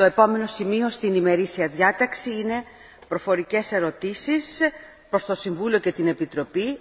Το επόμενο σημείο στην ημερήσια διάταξη είναι προφορικές ερωτήσεις προς το Συμβούλιο και την Επιτροπή.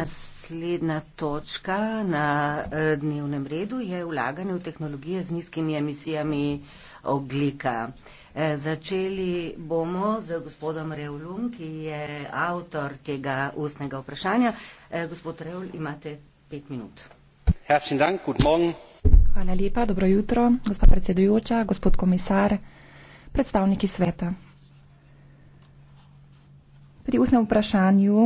Naslednja točka na eh, dnevnem redu je vlaganje v tehnologije z nizkimi emisijami oglika. Eh, začeli bomo z gospodom Reulum, ki je avtor tega ustnega vprašanja. Eh, gospod Reul, imate pet minut. Hrvatski dan, guten morgen. Hvala lepa, dobro jutro, gospod predsedujoča, gospod komisar, predstavniki sveta. Pri ustnem vprašanju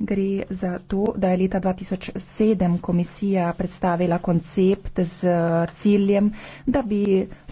gre za to, da je leta 2007 komisija predstavila koncept z ciljem, da bi